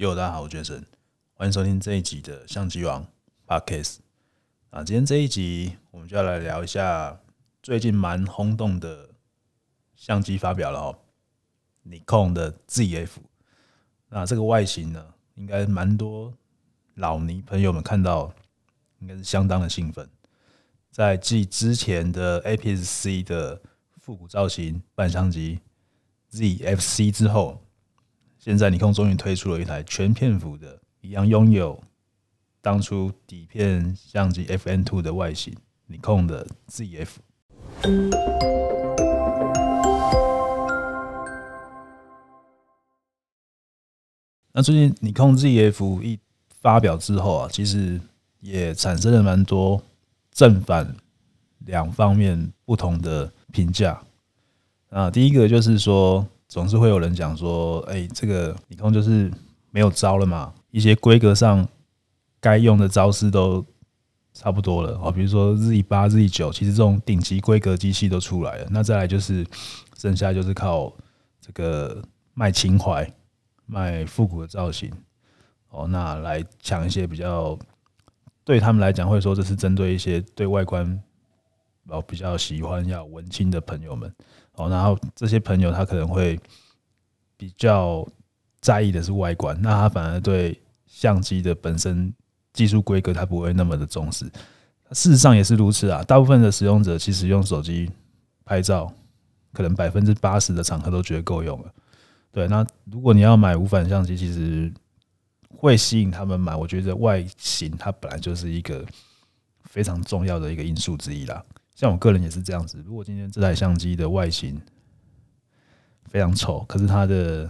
Yo 大家好，我是傑森，歡迎收聽這一集的相機王 podcast 啊，今天這一集我們就要來聊一下最近蠻轟動的相機發表了哦，Nikon 的 ZF，那這個外形呢，應該蠻多老尼朋友們看到，應該是相當的興奮，在繼之前的 APS-C 的復古造型半相機 ZFC 之後。現在尼康終於推出了一台全片幅的，一樣擁有當初底片相機 F M Two 的外形，尼康的 Z F。那最近尼康 Z F 一發表之後啊，其實也產生了蠻多正反兩方面不同的評價。啊，第一個就是說。總是會有人講說：“哎、欸，這個 Nikon 就是沒有招了嘛，一些規格上該用的招式都差不多了哦。比如說 Z 八、Z 九，其實這種頂級規格機器都出來了。那再來就是剩下就是靠這個賣情懷、賣復古的造型哦，那來搶一些比較對他們來講會說這是針對一些對外觀然後比較喜歡要文青的朋友們。”哦，然後這些朋友他可能會比較在意的是外觀，那他反而對相機的本身技術規格他不會那麼的重視。事實上也是如此啊，大部分的使用者其實用手機拍照，可能百分之八十的場合都覺得夠用了。對，那如果你要買無反相機，其實會吸引他們買。我覺得外形它本來就是一個非常重要的一個因素之一啦。像我個人也是這樣子，如果今天這台相機的外形非常醜，可是它的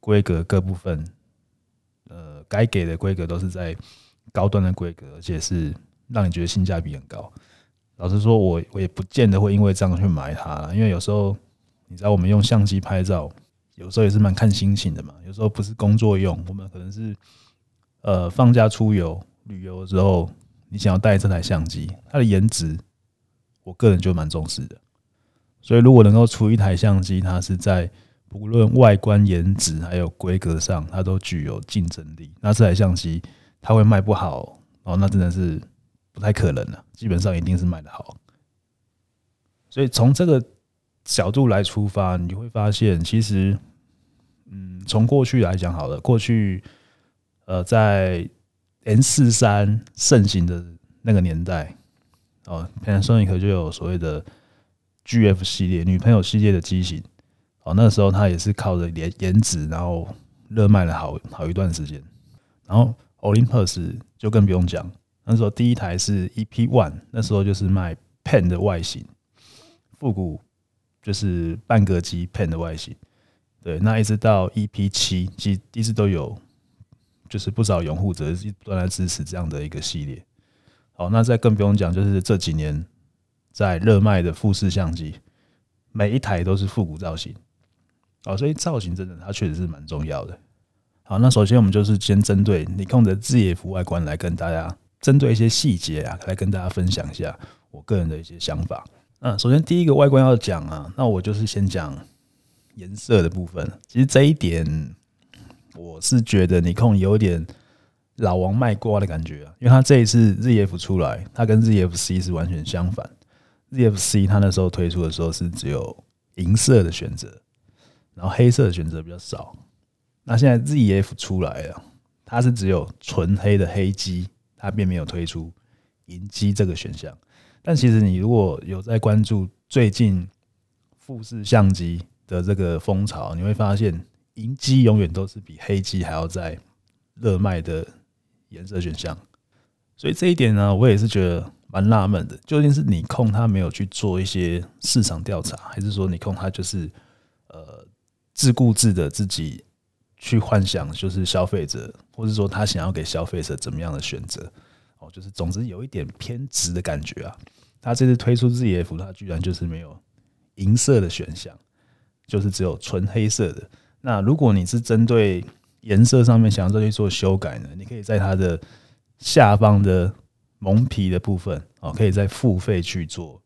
規格各部分，呃，該給的規格都是在高端的規格，而且是讓你覺得性價比很高。老實說我，我我也不見得會因為這樣去買它，因為有時候你知道，我們用相機拍照，有時候也是蠻看心情的嘛。有時候不是工作用，我們可能是呃放假出遊旅遊的時候，你想要帶這台相機，它的顏值。我個人就蠻重視的，所以如果能夠出一台相機，它是在不論外觀顏值還有規格上，它都具有競爭力，那這台相機它會賣不好哦，哦，那真的是不太可能了，基本上一定是賣得好。所以從這個角度來出發，你會發現其實，嗯，從過去來講好了，過去呃在 M 四三盛行的那個年代。哦，Panasonic 就有所謂的 GF 系列女朋友系列的機型，哦，那時候它也是靠着顏顏值，然後熱賣了好好一段時間。然後 Olympus 就更不用講，那時候第一台是 EP1，那時候就是賣 Pen 的外形，復古就是半格機 Pen 的外形。對，那一直到 EP7，其實一直都有，就是不少擁護者一直在支持這樣的一個系列。好，那再更不用講，就是這幾年在熱賣的富士相機，每一台都是復古造型，啊，所以造型真的它確實是蠻重要的。好，那首先我們就是先針對 Nikon 的 ZF 外觀來跟大家，針對一些細節啊，來跟大家分享一下我個人的一些想法。嗯，首先第一個外觀要講啊，那我就是先講顏色的部分。其實這一點，我是覺得 Nikon 有點。老王賣瓜的感覺啊，因為他這一次 ZF 出來，他跟 ZFC 是完全相反。ZFC 他那時候推出的時候是只有銀色的選擇，然後黑色的選擇比較少。那現在 ZF 出來了，它是只有純黑的黑機，它並沒有推出銀機這個選項。但其實你如果有在關注最近富士相機的這個風潮，你會發現銀機永遠都是比黑機還要在熱賣的。顏色選項，所以這一點呢，我也是覺得蠻納悶的。究竟是 Nikon 他沒有去做一些市場調查，還是說 Nikon 他就是呃自顧自的自己去幻想，就是消費者，或是說他想要給消費者怎麼樣的選擇？哦，就是總之有一點偏執的感覺啊。他這次推出 ZF，他居然就是沒有銀色的選項，就是只有純黑色的。那如果你是針對，顏色上面想要再去做修改呢，你可以在它的下方的蒙皮的部分哦，可以再付費去做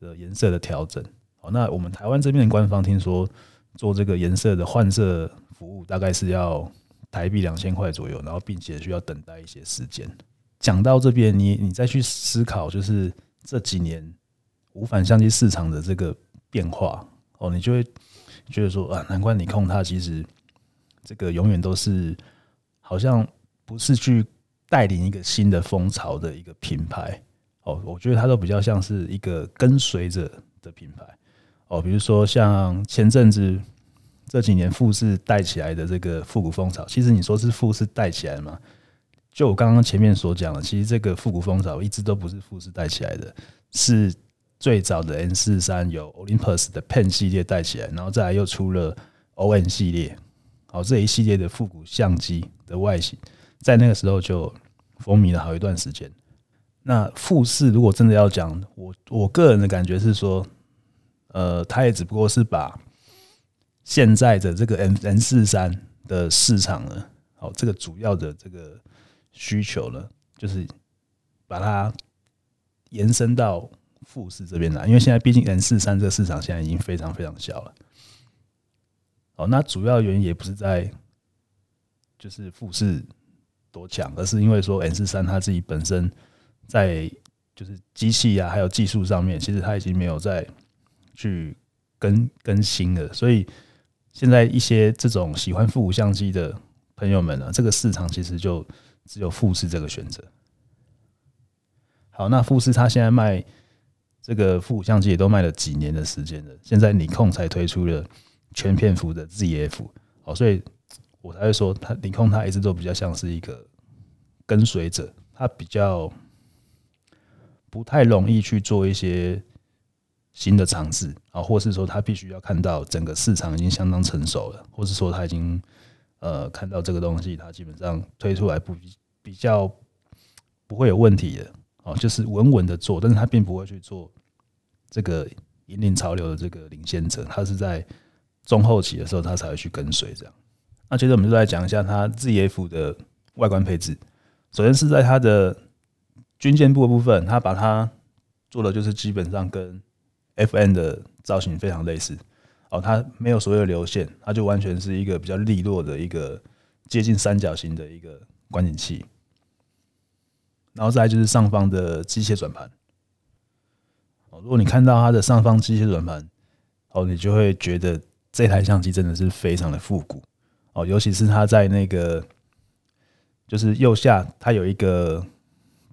呃顏色的調整。好，那我們台灣這邊的官方聽說做這個顏色的換色服務，大概是要台幣兩千塊左右，然後並且需要等待一些時間。講到這邊，你你再去思考，就是這幾年無反相機市場的這個變化哦，你就會覺得說啊，難怪尼康它其實。這個永遠都是好像不是去帶領一個新的風潮的一個品牌哦，我覺得它都比較像是一個跟隨者的品牌哦。比如說像前陣子這幾年富士帶起來的這個復古風潮，其實你說是富士帶起來嗎？就我剛剛前面所講的，其實這個復古風潮一直都不是富士帶起來的，是最早的 M 四三由 Olympus 的 Pen 系列帶起來，然後再來又出了 OM 系列。哦，這一系列的復古相機的外形，在那個時候就風靡了好一段時間。那富士如果真的要講，我我個人的感覺是說，呃，它也只不過是把現在的這個 N N 四三的市場呢，好，這個主要的這個需求呢，就是把它延伸到富士這邊來。因為現在畢竟 N 四三這個市場現在已經非常非常小了。哦，那主要原因也不是在就是富士多強，而是因為說 M43 它自己本身在就是機器啊，還有技術上面，其實它已經沒有再去更更新了。所以現在一些這種喜歡複古相機的朋友們啊，這個市場其實就只有富士這個選擇。好，那富士它現在賣這個複古相機也都賣了幾年的時間了，現在尼康才推出了全片幅的 ZF，好，所以我才會說，他 Nikon 他一直都比較像是一個跟隨者，他比較不太容易去做一些新的嘗試啊，或是說他必須要看到整個市場已經相當成熟了，或是說他已經呃看到這個東西，他基本上推出來不比較不會有問題的，哦，就是穩穩的做，但是他並不會去做這個引領潮流的這個領先者，他是在。中後期的時候，它才會去跟隨這樣。那接着我們就來講一下它 ZF 的外觀配置。首先是在它的軍艦部的部分，它把它做的就是基本上跟 FN 的造型非常類似。哦，它沒有所謂的流線，它就完全是一個比較利落的一個接近三角形的一個觀景器。然後再來就是上方的機械轉盤。哦，如果你看到它的上方機械轉盤，哦，你就會覺得。這台相機真的是非常的復古哦，尤其是它在那個，就是右下，它有一個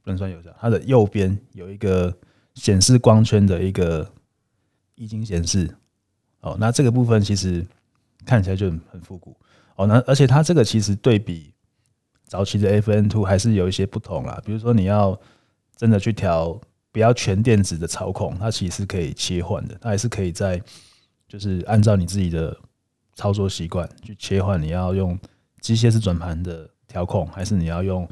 不能算右下，它的右邊有一個顯示光圈的一個液晶顯示哦。那這個部分其實看起來就很很復古哦。那而且它這個其實對比早期的 FM2 還是有一些不同啦。比如說你要真的去調，不要全電子的操控，它其實是可以切換的，它還是可以在。就是按照你自己的操作習慣去切換，你要用機械式轉盤的調控，還是你要用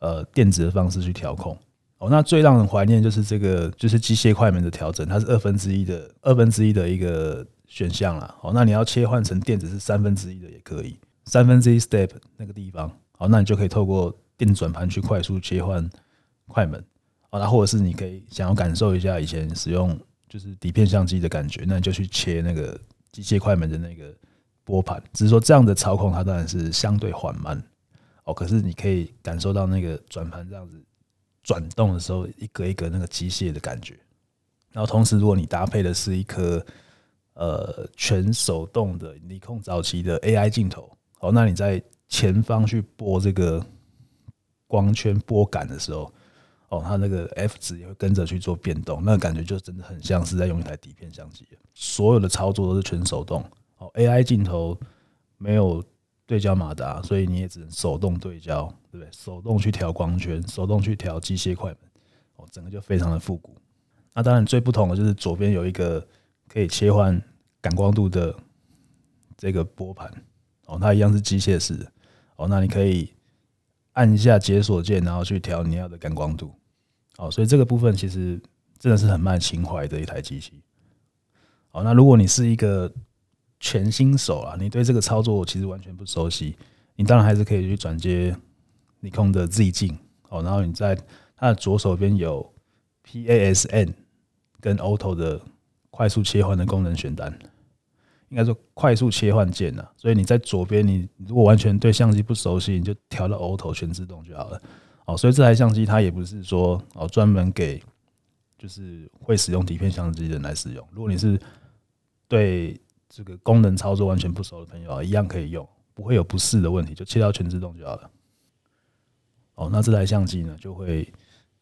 呃電子的方式去調控？哦，那最讓人懷念就是這個，就是機械快門的調整，它是二分之一的二分之一的一個選項啦。哦，那你要切換成電子是三分之一的也可以，三分之一 step 那個地方，哦，那你就可以透過電子轉盤去快速切換快門。哦，那或者是你可以想要感受一下以前使用。就是底片相機的感覺，那你就去切那個機械快門的那個撥盤。只是說這樣的操控，它當然是相對緩慢哦。可是你可以感受到那個轉盤這樣子轉動的時候，一格一格那個機械的感覺。然後同時，如果你搭配的是一顆呃全手動的尼康早期的 AI 鏡頭，哦，那你在前方去撥這個光圈撥桿的時候，哦，它那個 F 值也會跟着去做變動，那個感覺就真的很像是在用一台底片相機，所有的操作都是全手動。哦，AI 鏡頭沒有對焦馬達，所以你也只能手動對焦，對不對？手動去調光圈，手動去調機械快門，哦，整個就非常的復古。那當然最不同的就是左邊有一個可以切換感光度的這個撥盤，哦，它一樣是機械式的。哦，那你可以按一下解鎖鍵，然後去調你要的感光度。哦，所以這個部分其實真的是很賣情懷的一台機器。哦，那如果你是一個全新手啊，你對這個操作其實完全不熟悉，你當然還是可以去轉接尼康的 Z 鏡。哦，然後你在它的左手邊有 PASM 跟 Auto 的快速切換的功能選單，應該說快速切換鍵啊。所以你在左邊，你如果完全對相機不熟悉，你就調到 Auto 全自動就好了。哦，所以這台相機它也不是說哦專門給就是會使用底片相機的人來使用。如果你是對這個功能操作完全不熟的朋友啊，一樣可以用，不會有不適的問題，就切到全自動就好了。哦，那這台相機呢，就會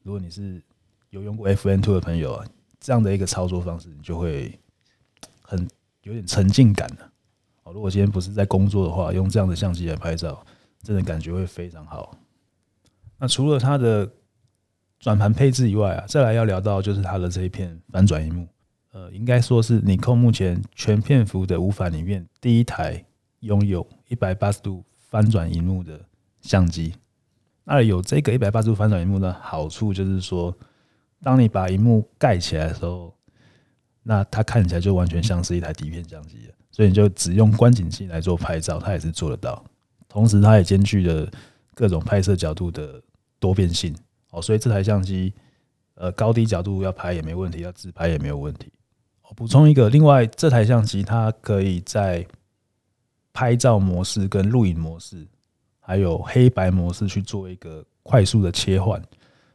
如果你是有用過 FM2 的朋友啊，這樣的一個操作方式，你就會很有點沉浸感的。哦，如果今天不是在工作的話，用這樣的相機來拍照，這種感覺會非常好。那除了它的轉盤配置以外啊，再來要聊到就是它的這一片翻轉熒幕。呃，應該說是尼康目前全片幅的無反裡面第一台擁有一百八十度翻轉熒幕的相機。那有這個一百八十度翻轉熒幕的好處就是說，當你把熒幕蓋起來的時候，那它看起來就完全像是一台底片相機了。所以你就只用觀景器來做拍照，它也是做得到。同時，它也兼具了各種拍攝角度的。多變性，哦，所以這台相機，呃，高低角度要拍也沒問題，要自拍也沒有問題。哦，補充一個，另外這台相機它可以在拍照模式、跟錄影模式，還有黑白模式去做一個快速的切換，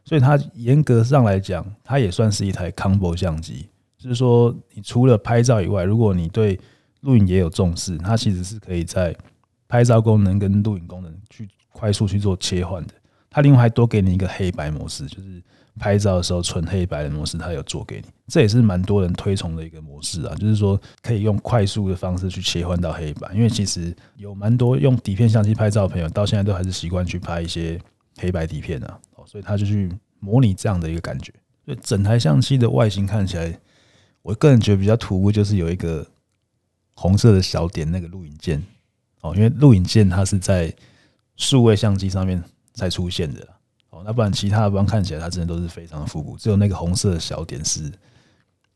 所以它嚴格上來講，它也算是一台 combo 相機，就是說你除了拍照以外，如果你對錄影也有重視，它其實是可以在拍照功能跟錄影功能去快速去做切換的。它另外還多給你一個黑白模式，就是拍照的時候純黑白的模式，它有做給你，這也是蠻多人推崇的一個模式啊。就是說可以用快速的方式去切換到黑白，因為其實有蠻多用底片相機拍照的朋友到現在都還是習慣去拍一些黑白底片啊，哦，所以他就去模擬這樣的一個感覺。所以整台相機的外形看起來，我個人覺得比較突兀，就是有一個紅色的小點，那個錄影鍵哦，因為錄影鍵它是在數位相機上面才出現的哦，那不然其他地方看起來它真的都是非常的復古，只有那個紅色的小點是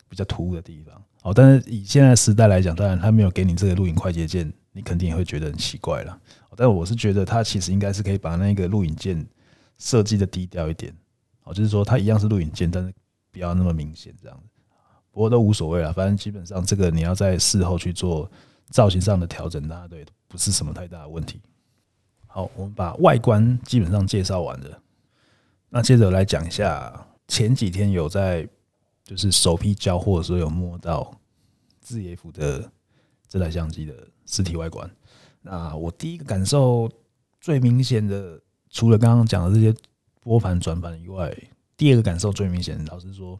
比較突兀的地方哦。但是以現在的時代來講，當然它沒有給你這個錄影快捷鍵，你肯定也會覺得很奇怪了。但我是覺得它其實應該是可以把那個錄影鍵設計的低調一點哦，就是說它一樣是錄影鍵，但是不要那麼明顯這樣。不過都無所謂了，反正基本上這個你要在事後去做造型上的調整，大家對，不是什麼太大的問題。好，我們把外觀基本上介紹完了，那接着來講一下前幾天有在就是首批交貨的時候有摸到 ZF 的這台相機的實體外觀。那我第一個感受最明顯的，除了剛剛講的這些撥盤轉盤以外，第二個感受最明顯的，老實說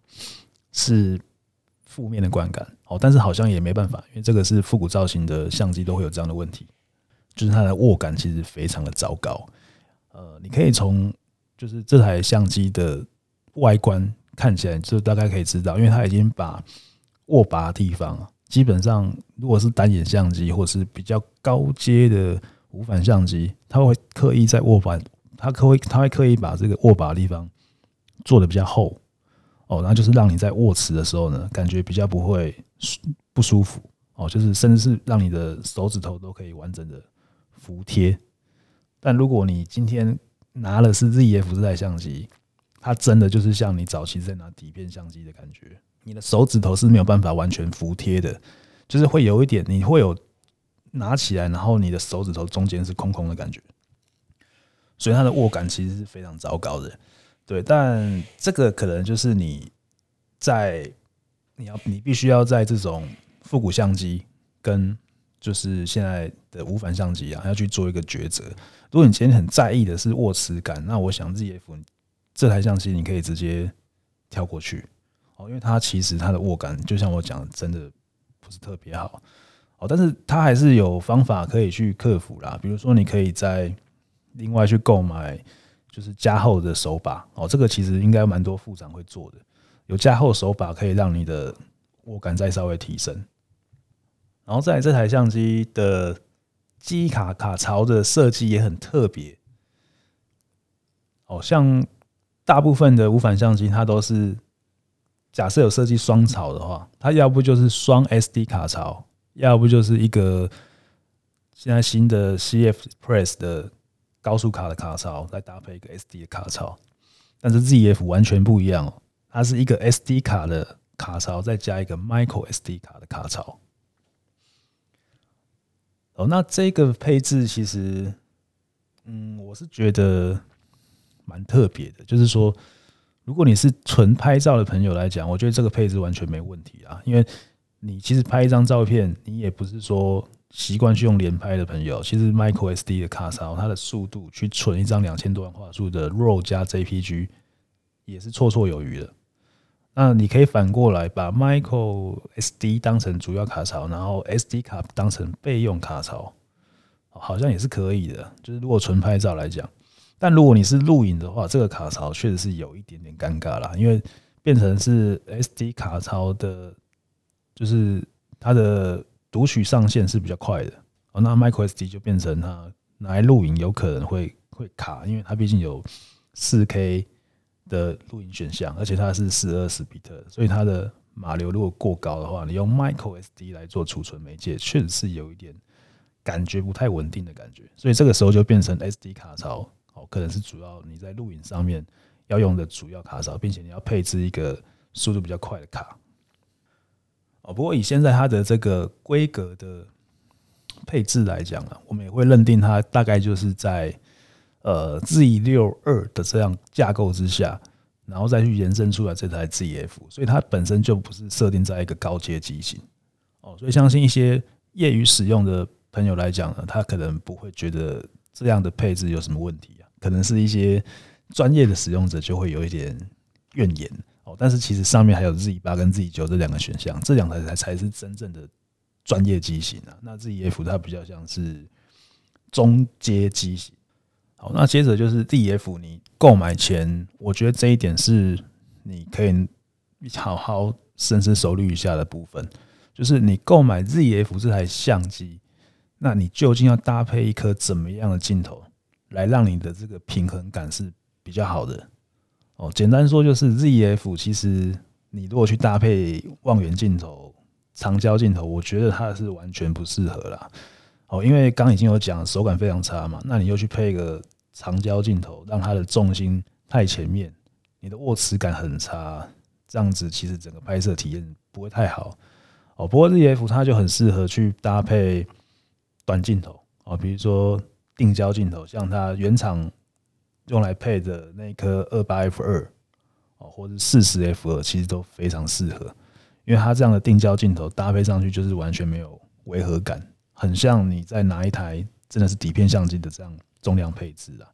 是負面的觀感。哦，但是好像也沒辦法，因為這個是復古造型的相機，都會有這樣的問題。就是它的握感其實非常的糟糕，呃，你可以從就是這台相機的外觀看起來，就大概可以知道，因為它已經把握把的地方，基本上如果是單眼相機或者是比較高階的無反相機，它會刻意在握把，它會它會刻意把這個握把的地方做的比較厚，哦，然後就是讓你在握持的時候呢，感覺比較不會不舒服，哦，就是甚至是讓你的手指頭都可以完整的。服帖，但如果你今天拿的是 ZF 這台相機，它真的就是像你早期在拿底片相機的感覺。你的手指頭是沒有辦法完全服帖的，就是會有一點，你會有拿起來，然後你的手指頭中間是空空的感覺，所以它的握感其實是非常糟糕的。對，但這個可能就是你在你要你必須要在這種復古相機跟就是現在的無反相機啊，要去做一個抉擇。如果你今天很在意的是握持感，那我想 ZF 這台相機你可以直接跳過去哦，因為它其實它的握感，就像我講，真的不是特別好哦。但是它還是有方法可以去克服啦，比如說你可以再另外去購買，就是加厚的手把哦。這個其實應該蠻多副廠會做的，有加厚手把可以讓你的握感再稍微提升。然後再來，這台相機的記憶卡卡槽的設計也很特別。好像大部分的無反相機，它都是假設有設計雙槽的話，它要不就是雙 SD 卡槽，要不就是一個現在新的 CFexpress 的高速卡的卡槽再搭配一個 SD 的卡槽，但是 ZF 完全不一樣哦，它是一個 SD 卡的卡槽再加一個 micro SD 卡的卡槽。哦，那這個配置其實，嗯，我是覺得蠻特別的。就是說，如果你是純拍照的朋友來講，我覺得這個配置完全沒問題啊，因為你其實拍一張照片，你也不是說習慣去用連拍的朋友，其實 micro SD 的卡槽，它的速度去存一張兩千多萬畫素的 RAW 加 JPG，也是綽綽有餘的。那你可以反過來把 micro SD 當成主要卡槽，然後 SD 卡當成備用卡槽，好像也是可以的。就是如果純拍照來講，但如果你是錄影的話，這個卡槽確實是有一點點尷尬啦，因為變成是 SD 卡槽的，就是它的讀取上限是比較快的。哦，那 micro SD 就變成它拿來錄影有可能會會卡，因為它畢竟有四 K。的錄音選項，而且它是420比特，所以它的碼流如果過高的話，你用 micro SD 來做儲存媒介，確實是有一點感覺不太穩定的感覺。所以這個時候就變成 SD 卡槽，哦，可能是主要你在錄影上面要用的主要卡槽，並且你要配置一個速度比較快的卡。哦，不過以現在它的這個規格的配置來講啊，我們也會認定它大概就是在。呃，Z 六二的這樣架構之下，然後再去延伸出來這台 ZF，所以它本身就不是設定在一個高階機型哦。所以相信一些業餘使用的朋友來講呢，他可能不會覺得這樣的配置有什麼問題啊。可能是一些專業的使用者就會有一點怨言哦。但是其實上面還有 Z 八跟 Z 九這兩個選項，這兩台才才是真正的專業機型啊。那 ZF 它比較像是中階機型。好，那接着就是 Z F，你購買前，我覺得這一點是你可以好好深思熟慮一下的部分，就是你購買 Z F 這台相機，那你究竟要搭配一顆怎麼樣的鏡頭，來讓你的這個平衡感是比較好的。哦，簡單說就是 Z F，其實你如果去搭配望遠鏡頭、長焦鏡頭，我覺得它是完全不適合啦。哦，因為剛已經有講了，手感非常差嘛，那你又去配一個。長焦鏡頭讓它的重心太前面，你的握持感很差，這樣子其實整個拍攝體驗不會太好。哦，不過 ZF 它就很適合去搭配短鏡頭哦，比如說定焦鏡頭，像它原廠用來配的那顆二八 F 二，哦，或是四十 F 二，其實都非常適合，因為它這樣的定焦鏡頭搭配上去就是完全沒有違和感，很像你在拿一台真的是底片相機的這樣重量配置啊，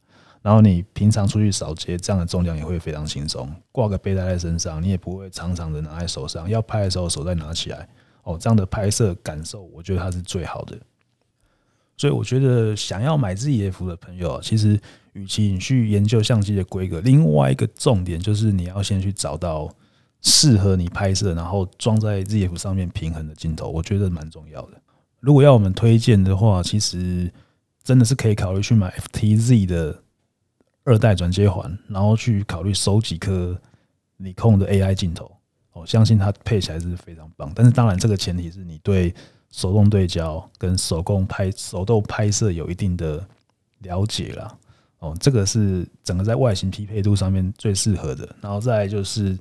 然後你平常出去掃街，這樣的重量也會非常輕鬆，掛個背帶在身上，你也不會常常的拿在手上，要拍的時候手再拿起來，哦，這樣的拍攝感受，我覺得它是最好的。所以我覺得想要買 ZF 的朋友，其實，與其你去研究相機的規格，另外一個重點就是你要先去找到適合你拍攝，然後裝在 ZF 上面平衡的鏡頭，我覺得蠻重要的。如果要我們推薦的話，其實。真的是可以考慮去買 FTZ 的二代轉接環，然後去考慮收幾顆尼康的 AI 鏡頭，我相信它配起來是非常棒。但是當然，這個前提是你對手動對焦跟手工拍、手動拍攝有一定的了解啦。哦。這個是整個在外形匹配度上面最適合的。然後再就是，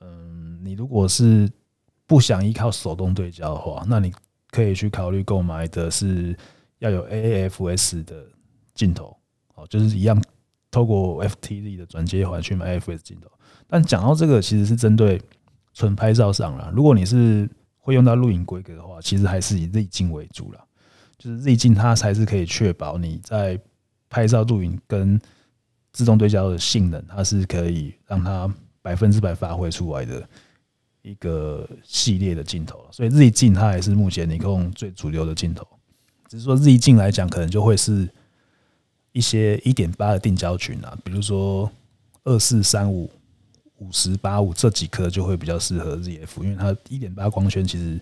嗯，你如果是不想依靠手動對焦的話，那你可以去考慮購買的是。要有 AF-S 的鏡頭哦，就是一樣透過 FTZ 的轉接環去買 AF-S 鏡頭。但講到這個，其實是針對純拍照上啦，如果你是會用到錄影規格的話，其實還是以 Z 鏡為主啦。就是 Z 鏡，它才是可以確保你在拍照、錄影跟自動對焦的性能，它是可以讓它百分之百發揮出來的一個系列的鏡頭。所以 Z 鏡它還是目前 Nikon 最主流的鏡頭。只是說，Z 鏡來講，可能就會是一些一點八的定焦群啊，比如說二四三五、五十八五這幾顆就會比較適合 ZF，因為它一點八光圈，其實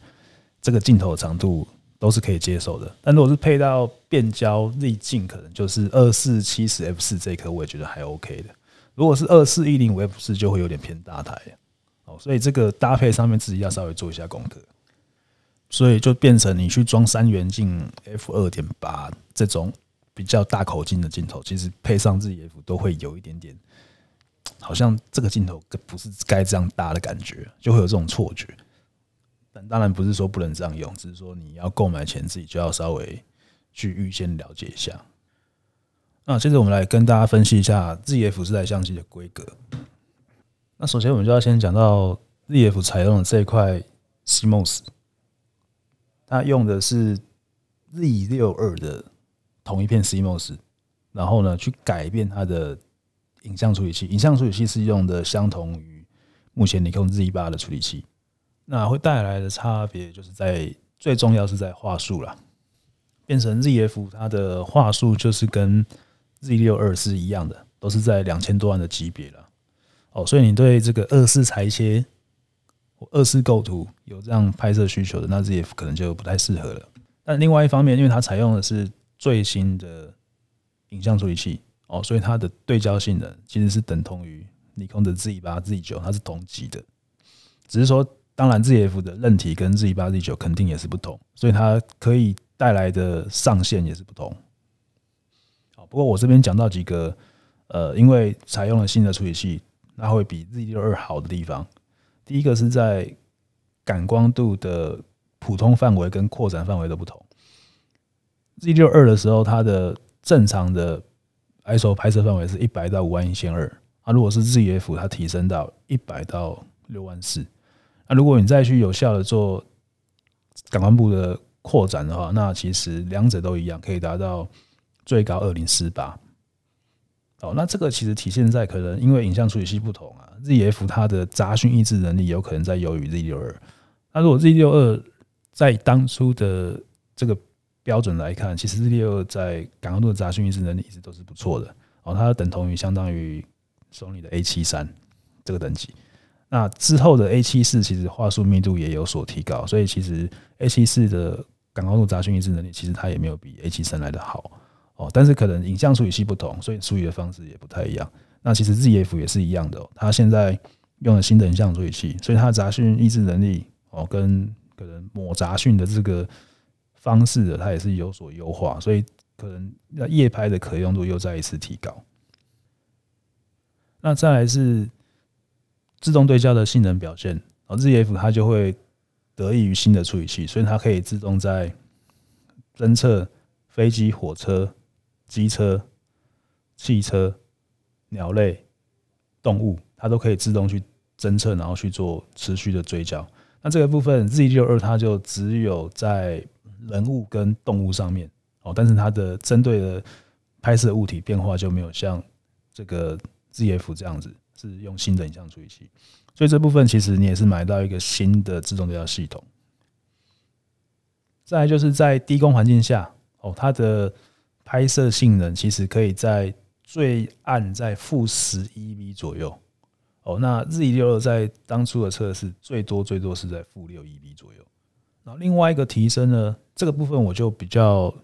這個鏡頭的長度都是可以接受的。但如果是配到變焦 Z 鏡，可能就是二四七十 f 四這顆，我也覺得還 OK 的。如果是二四一零五 f 四，就會有點偏大台哦，所以這個搭配上面自己要稍微做一下功課。所以就變成你去裝三元鏡 F 二點八這種比較大口徑的鏡頭，其實配上 ZF 都會有一點點，好像這個鏡頭不是該這樣搭的感覺，就會有這種錯覺。但當然不是說不能這樣用，只是說你要購買前自己就要稍微去預先了解一下。那接着我們來跟大家分析一下 ZF 這台相機的規格。那首先我們就要先講到 ZF 採用的這一塊 CMOS。它用的是 Z 六二的同一片 CMOS，然後呢，去改變它的影像處理器。影像處理器是用的相同於目前你用 Z 八的處理器，那會帶來的差別就是在最重要是在畫素了。變成 Z F，它的畫素就是跟 Z 六二是一樣的，都是在兩千多萬的級別了。哦，所以你對這個二四裁切？我二次構圖有這樣拍攝需求的，那 ZF 可能就不太適合了。但另外一方面，因為它採用的是最新的影像處理器哦，所以它的對焦性能其實是等同於尼康的 Z8、Z9，它是同級的。只是說，當然 ZF 的韌體跟 Z8、Z9 肯定也是不同，所以它可以帶來的上限也是不同。不過我這邊講到幾個，呃，因為採用了新的處理器，那會比 Z6 二好的地方。第一個是在感光度的普通範圍跟擴展範圍的不同。Z 六二的時候，它的正常的 ISO 拍攝範圍是一百到五萬一千二，啊，如果是 ZF，它提升到一百到六萬四。那如果你再去有效的做感光度的擴展的話，那其實兩者都一樣，可以達到最高二零四八。哦，那這個其實體現在可能因為影像處理器不同啊，ZF 它的雜訊抑制能力有可能在優於 Z 六二。那如果 Z 六二在當初的這個標準來看，其實 Z 六二在感光度的雜訊抑制能力一直都是不錯的。哦，它等同於相當於 Sony 的 A 七三這個等級。那之後的 A 七四其實畫素密度也有所提高，所以其實 A 七四的感光度雜訊抑制能力其實它也沒有比 A 七三來的好。哦，但是可能影像處理器不同，所以處理的方式也不太一樣。那其實 ZF 也是一樣的喔，它現在用了新的影像處理器，所以它的雜訊抑制能力哦，跟可能抹雜訊的這個方式的，它也是有所優化，所以可能夜拍的可用度又再一次提高。那再來是自動對焦的性能表現，哦，ZF 它就會得益於新的處理器，所以它可以自動在偵測飛機、火車。機車、汽車、鳥類、動物，它都可以自動去偵測，然後去做持續的追焦。那這個部分 Z 六二，它就只有在人物跟動物上面哦，但是它的針對的拍攝物體變化就沒有像這個 ZF 這樣子，是用新的影像處理器，所以這部分其實你也是買到一個新的自動對焦系統。再來就是在低光環境下哦，它的拍攝性能其實可以在最暗在負十一 EV 左右，哦，那 Z 六在當初的測試最多最多是在負六一 EV 左右。那另外一個提升呢，這個部分我就比較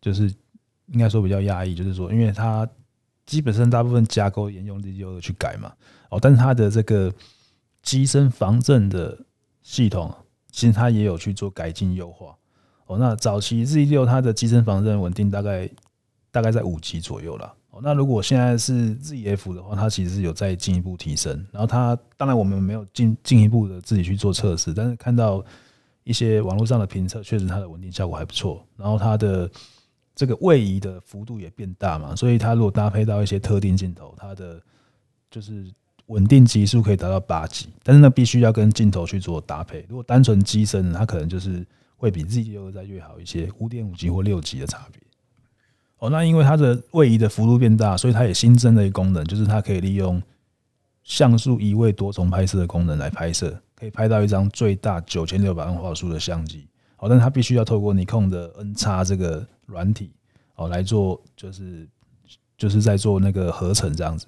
就是應該說比較訝異，就是說因為它基本上大部分架構沿用 Z 六去改嘛，哦，但是它的這個機身防震的系統其實它也有去做改進優化。哦，那早期 Z 六它的機身防震穩定大概大概在五級左右啦。哦，那如果現在是 ZF 的話，它其實有在進一步提升。然後它當然我們沒有進進一步的自己去做測試，但是看到一些網絡上的評測，確實它的穩定效果還不錯。然後它的這個位移的幅度也變大嘛，所以它如果搭配到一些特定鏡頭，它的就是穩定級數可以達到八級。但是呢，必須要跟鏡頭去做搭配。如果單純機身，它可能就是。會比 z G 再越好一些，五點五 G 或六 G 的差別。哦，那因為它的位移的幅度變大，所以它也新增了一個功能，就是它可以利用像素移位多重拍攝的功能來拍攝，可以拍到一張最大九千六百萬畫素的相機。哦，但它必須要透過尼控的 N 叉這個軟體哦來做，就是就是在做那個合成這樣子。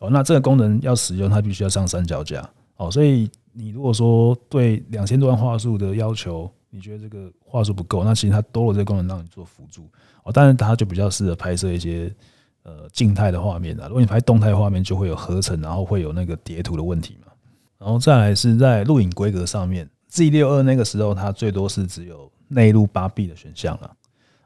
哦，那這個功能要使用，它必須要上三腳架。哦，所以你如果說對兩千多萬畫素的要求。你覺得這個畫素不夠？那其實它多了這個功能讓你做輔助哦，但是它就比較適合拍攝一些呃靜態的畫面啦。如果你拍動態畫面，就會有合成，然後會有那個疊圖的問題嘛。然後再來是在錄影規格上面，Z 六二那個時候它最多是只有內錄八 B 的選項了。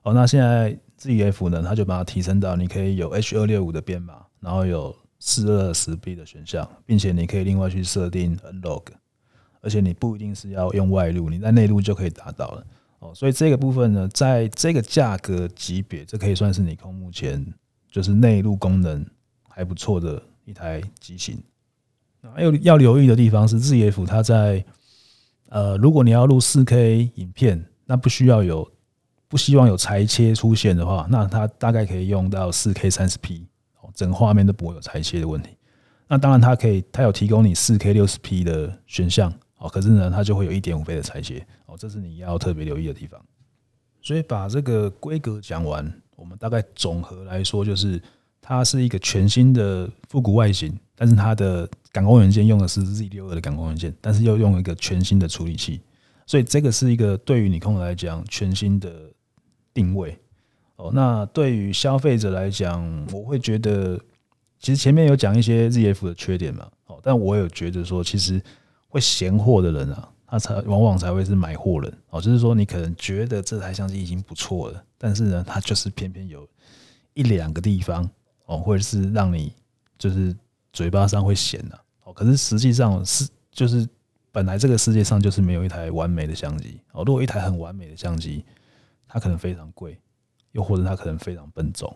哦，那現在 ZF 呢，它就把它提升到你可以有 H 二六五的編碼，然後有四二零十 B 的選項，並且你可以另外去設定 N log。而且你不一定是要用外錄，你在內錄就可以達到了哦。所以這個部分呢，在這個價格級別，這可以算是尼康目前就是內錄功能還不錯的一台機型。那還有要留意的地方是，ZF 它在呃，如果你要錄四 K 影片，那不需要有不希望有裁切出現的話，那它大概可以用到四 K 三十 P，哦，整個畫面都不會有裁切的問題。那當然它可以，它有提供你四 K 六十 P 的選項。哦，可是呢，它就會有一點五倍的裁切哦，這是你要特別留意的地方。所以把這個規格講完，我們大概總和來說，就是它是一個全新的復古外形，但是它的感光元件用的是 Z6 II 的感光元件，但是又用了一個全新的處理器，所以這個是一個對於尼康來講全新的定位哦。那對於消費者來講，我會覺得其實前面有講一些 ZF 的缺點嘛，哦，但我有覺得說其實。會嫌貨的人啊，他才往往才會是買貨人哦。就是說，你可能覺得這台相機已經不錯了，但是呢，它就是偏偏有一兩個地方哦，或者是讓你就是嘴巴上會嫌的、啊、哦。可是實際上是就是本來這個世界上就是沒有一台完美的相機哦。如果一台很完美的相機，它可能非常貴，又或者它可能非常笨重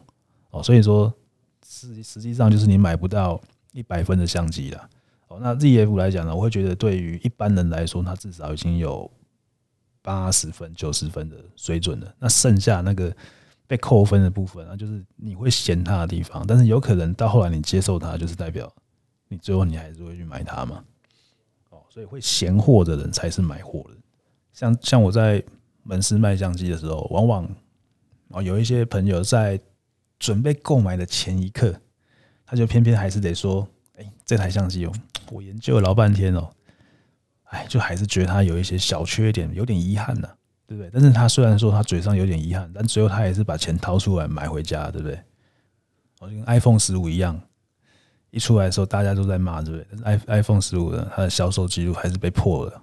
哦。所以說實際，實實際上就是你買不到一百分的相機啦。哦，那 ZF 來講呢，我會覺得對於一般人來說，他至少已經有八十分、九十分的水準了。那剩下那個被扣分的部分啊，就是你會嫌他的地方。但是有可能到後來你接受他，就是代表你最後你還是會去買它嘛。哦，所以會嫌貨的人才是買貨人。像像我在門市賣相機的時候，往往哦有一些朋友在準備購買的前一刻，他就偏偏還是得說：“哎、欸，這台相機有。”我研究了老半天哦，哎，就還是覺得它有一些小缺點，有點遺憾吶、啊，對不對？但是他雖然說他嘴上有點遺憾，但最後他也是把錢掏出來買回家，對不對？我就跟 iPhone 十五一樣，一出來的時候大家都在罵，對不對？但 iPhone 十五的它的銷售記錄還是被破了。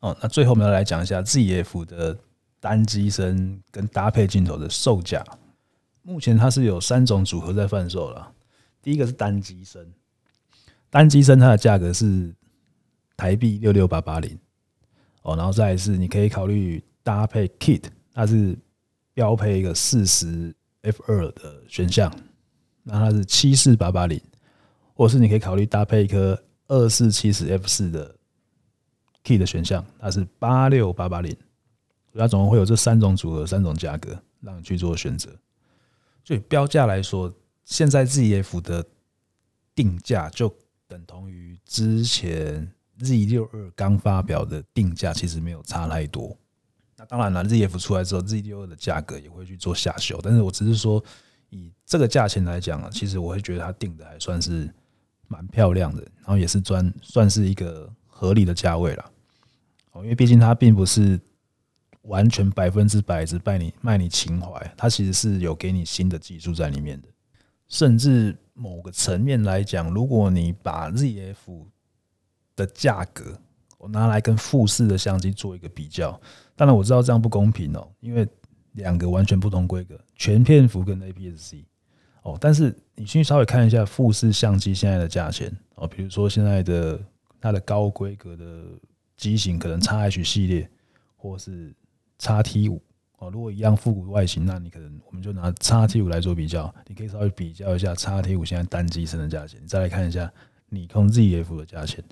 哦，那最後我們要來講一下 ZF 的單機身跟搭配鏡頭的售價。目前它是有三種組合在販售了，第一個是單機身。單機身它的價格是台幣六六八八零哦，然後再來是你可以考慮搭配 kit，它是標配一個四十 f 二的選項，那它是七四八八零，或是你可以考慮搭配一顆二四七十 f 四的 kit 的選項，它是八六八八零，它總共會有這三種組合三種價格讓你去做選擇。就以標價來說，現在 Z F 的定價就。等同於之前 Z 六二剛發表的定價，其實沒有差太多。那當然了，ZF 出來之後，Z 六二的價格也會去做下修。但是我只是說，以這個價錢來講啊，其實我會覺得它定的還算是蠻漂亮的，然後也是算是一個合理的價位啦。哦，因為畢竟它並不是完全百分之百只賣你賣你情懷，它其實是有給你新的技術在裡面的，甚至。某個層面來講，如果你把 ZF 的價格，我拿來跟富士的相機做一個比較，當然我知道這樣不公平哦、喔，因為兩個完全不同規格，全片幅跟 APS-C，哦、喔，但是你去稍微看一下富士相機現在的價錢哦、喔，比如說現在的它的高規格的機型，可能 XH 系列或是 XT 五，哦，如果一樣復古的外形，那你可能我們就拿 X T 五來做比較，你可以稍微比較一下 X T 五現在單機身的價錢，你再來看一下你空 Z F 的價錢，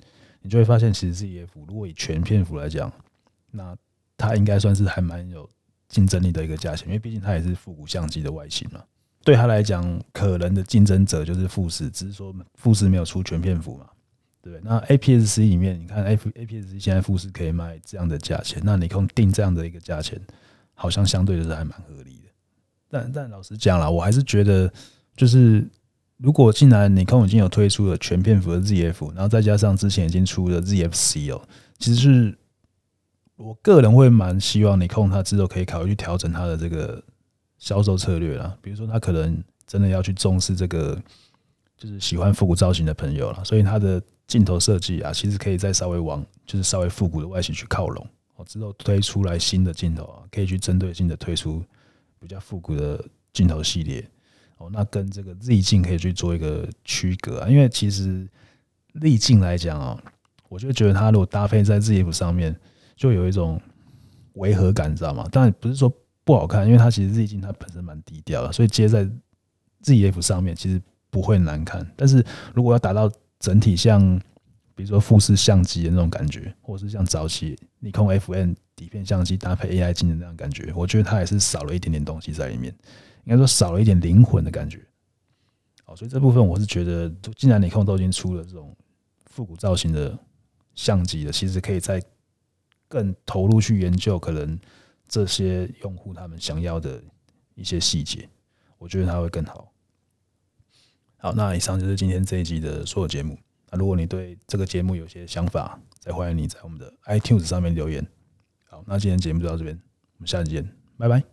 你就會發現，其實 Z F 如果以全片幅來講，那它應該算是還蠻有競爭力的一個價錢，因為畢竟它也是復古相機的外形嘛。對它來講，可能的競爭者就是富士，只是說富士沒有出全片幅嘛，對不對？那 A P S C 裡面，你看 A A P S C 現在富士可以賣這樣的價錢，那你空定這樣的一個價錢。好像相對的是還蠻合理的，但但老實講啦，我還是覺得，就是如果既然 Nikon 已經有推出了全片幅的 ZF，然後再加上之前已經出的 ZFC 哦、喔，其實是我個人會蠻希望 Nikon 他它之後可以考慮去調整它的這個銷售策略啦，比如說他可能真的要去重視這個，就是喜歡復古造型的朋友啦，所以它的鏡頭設計啊，其實可以再稍微往就是稍微復古的外形去靠攏。我知道推出來新的鏡頭啊，可以去針對性的推出比較複古的鏡頭系列哦。那跟這個 z 鏡可以去做一個區隔啊，因為其實 z 鏡來講哦，我就覺得它如果搭配在 ZF 上面，就有一種違和感，你知道嗎？當然不是說不好看，因為它其實 z 鏡它本身蠻低調的，所以接在 ZF 上面其實不會難看。但是如果要達到整體像，比如說富士相機的那種感覺，或者是像早期 Nikon FM 底片相機搭配 AI 鏡的那種感覺，我覺得它還是少了一點點東西在裡面，應該說少了一點靈魂的感覺。好，所以這部分我是覺得，既然 Nikon 都已經出了這種復古造型的相機了，其實可以再更投入去研究可能這些用戶他們想要的一些細節，我覺得它會更好。好，那以上就是今天這一集的所有節目。那如果你對這個節目有些想法，再歡迎你在我們的 iTunes 上面留言。好，那今天節目就到這邊，我們下次見，拜拜。